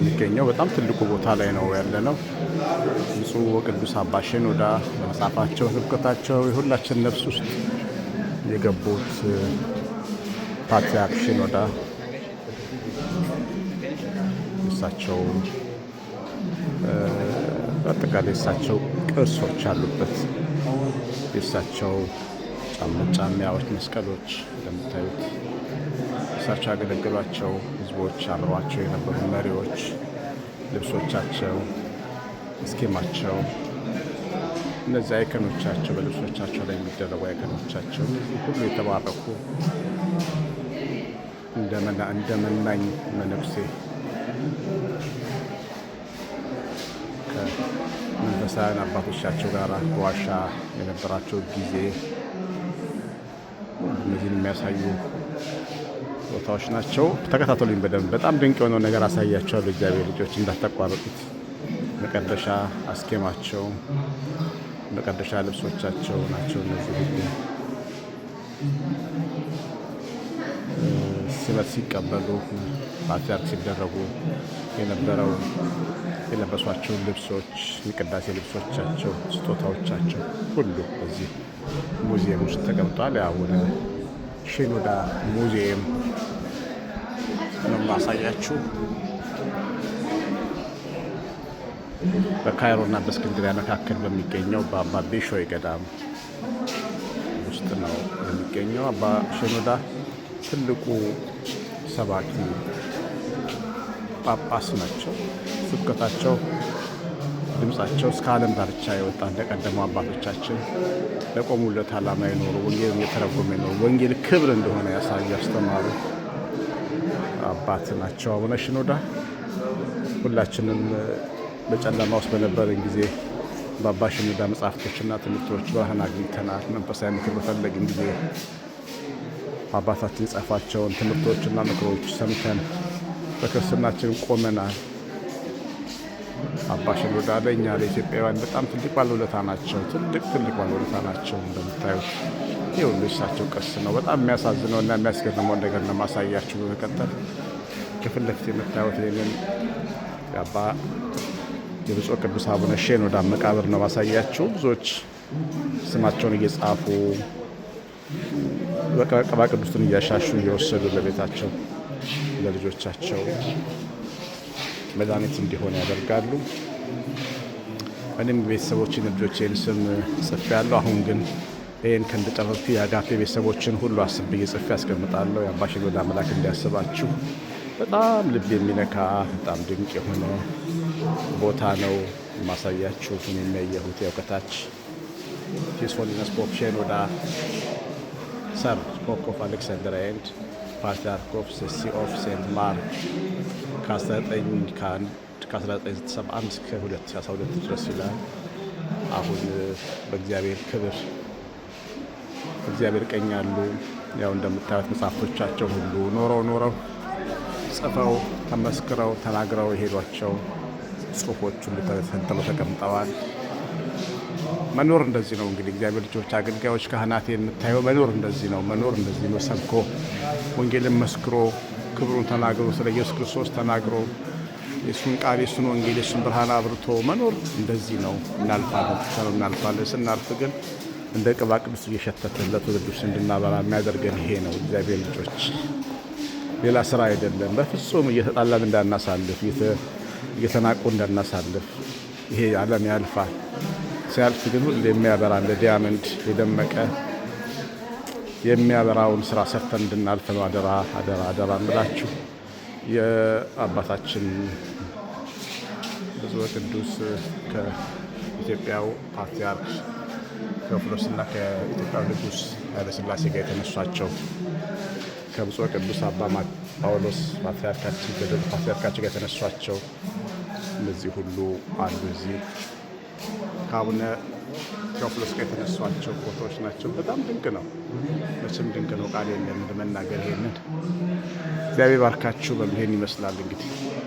የሚገኘው በጣም ትልቁ ቦታ ላይ ነው ያለ ነው። ብፁዕ ወቅዱስ አባ ሽኖዳ በመጽሐፋቸው ስብከታቸው የሁላችን ነፍስ ውስጥ የገቡት ፓትርያርክ ሽኖዳ እሳቸው በአጠቃላይ እሳቸው ቅርሶች አሉበት የእሳቸው ጫማ ጫማዎች፣ መስቀሎች እንደምታዩት እሳቸው ያገለግሏቸው ህዝቦች፣ አብረዋቸው የነበሩ መሪዎች፣ ልብሶቻቸው፣ እስኬማቸው እነዚህ አይከኖቻቸው በልብሶቻቸው ላይ የሚደረጉ አይከኖቻቸው ሁሉ የተባረኩ እንደመናኝ መነኩሴ ከመንፈሳውያን አባቶቻቸው ጋር በዋሻ የነበራቸው ጊዜ እነዚህን የሚያሳዩ ቦታዎች ናቸው። ተከታተሉኝ በደንብ በጣም ድንቅ የሆነው ነገር አሳያቸዋለሁ። እግዚአብሔር ልጆች እንዳታቋርጡት። መቀደሻ አስኬማቸው፣ መቀደሻ ልብሶቻቸው ናቸው። እነዚህ ሁሉ ስበት ሲቀበሉ ፓትሪያርክ ሲደረጉ የነበረው የለበሷቸው ልብሶች፣ የቅዳሴ ልብሶቻቸው፣ ስጦታዎቻቸው ሁሉ እዚህ ሙዚየም ውስጥ ተቀምጧል። ያው ወደ ሽኑዳ ሙዚየም ነው ማሳያችሁ። በካይሮና በእስክንድሪያ መካከል በሚገኘው በአባ ቤሾይ ገዳም ውስጥ ነው የሚገኘው። አባ ሽኑዳ ትልቁ ሰባኪ ጳጳስ ናቸው። ስብከታቸው ድምፃቸው እስከ ዓለም ዳርቻ የወጣ እንደቀደሙ አባቶቻችን ለቆሙለት ዓላማ የኖሩ ወንጌል የተረጎመ የኖሩ ወንጌል ክብር እንደሆነ ያሳዩ ያስተማሩ አባት ናቸው አቡነ ሽኖዳ። ሁላችንም በጨለማ ውስጥ በነበረን ጊዜ በአባ ሽኖዳ መጽሐፍቶችና ትምህርቶች ብርሃን አግኝተናል። መንፈሳዊ ምክር በፈለግን ጊዜ አባታችን የጻፏቸውን ትምህርቶችና ምክሮች ሰምተን በክርስትናችን ቆመናል። አባ ሽኖዳ ለእኛ ለኢትዮጵያውያን በጣም ትልቅ ባለውለታ ናቸው። ትልቅ ትልቅ ባለውለታ ናቸው። እንደምታዩት ይሁሉ እሳቸው ቀስ ነው። በጣም የሚያሳዝነው እና የሚያስገርመው ነገር ነው ማሳያችሁ። በመቀጠል ከፊት ለፊት የምታዩት ይህንን የአባ የብፁዕ ቅዱስ አቡነ ሽኖዳ መቃብር ነው ማሳያችሁ። ብዙዎች ስማቸውን እየጻፉ በቀባ ቅዱስን እያሻሹ እየወሰዱ ለቤታቸው ለልጆቻቸው መድኃኒት እንዲሆን ያደርጋሉ። እኔም ቤተሰቦችን ልጆቼን ስም ጽፌ ያለው አሁን ግን ይህን ከንድጠረፊ የአጋፔ ቤተሰቦችን ሁሉ አስብዬ ጽፌ ያስቀምጣለሁ። የአባሽን ወደ አምላክ እንዲያስባችሁ በጣም ልብ የሚነካ በጣም ድንቅ የሆነ ቦታ ነው ማሳያችሁ። ሁን የሚያየሁት ያው ከታች ፖፕሽን ወደ ሰር ፖፕ ኦፍ አሌክሳንደር ኤንድ ኦፍ ሴሲ ኦፍ ሴንት ማርክ ከ1971 እስከ 2012 ድረስ ይላል። አሁን በእግዚአብሔር ክብር እግዚአብሔር ቀኝ ያሉ ያው እንደምታዩት መጽሐፍቶቻቸው ሁሉ ኖረው ኖረው ጽፈው ተመስክረው ተናግረው የሄዷቸው ጽሁፎች ሁሉ ተሰንጥለው ተቀምጠዋል። መኖር እንደዚህ ነው እንግዲህ እግዚአብሔር ልጆች አገልጋዮች ካህናት የምታየው መኖር እንደዚህ ነው። መኖር እንደዚህ ነው። ሰብኮ ወንጌልን መስክሮ ክብሩን ተናግሮ ስለ ኢየሱስ ክርስቶስ ተናግሮ የእሱን ቃል የእሱን ወንጌል የእሱን ብርሃን አብርቶ መኖር እንደዚህ ነው። እናልፋለን እናልፋለን። ስናልፍ ግን እንደ ቅባ ቅዱስ እየሸተትን ለትውልዱ እንድናበራ የሚያደርገን ይሄ ነው። እግዚአብሔር ልጆች ሌላ ስራ አይደለም። በፍጹም እየተጣላን እንዳናሳልፍ፣ እየተናቁ እንዳናሳልፍ። ይሄ ዓለም ያልፋል። ሲያልፍ ግን ሁሌ የሚያበራ እንደ ዲያመንድ የደመቀ የሚያበራውን ስራ ሰርተን እንድናልፍ ነው። አደራ አደራ አደራ እንላችሁ የአባታችን ብፁዕ ቅዱስ ከኢትዮጵያው ፓትርያርክ ቴዎፍሎስና ከኢትዮጵያ ንጉስ ኃይለስላሴ ጋር የተነሷቸው ከብፁዕ ቅዱስ አባ ጳውሎስ ፓትርያርካችን ከደቡብ ፓትርያርካቸው ጋር የተነሷቸው እነዚህ ሁሉ አሉ እዚህ ከአቡነ ቴዎፍሎስ ጋር የተነሷቸው ፎቶዎች ናቸው። በጣም ድንቅ ነው። መቼም ድንቅ ነው። ቃል የለም ለመናገር ይሄንን እግዚአብሔር ባርካችሁ። በምሄን ይመስላል እንግዲህ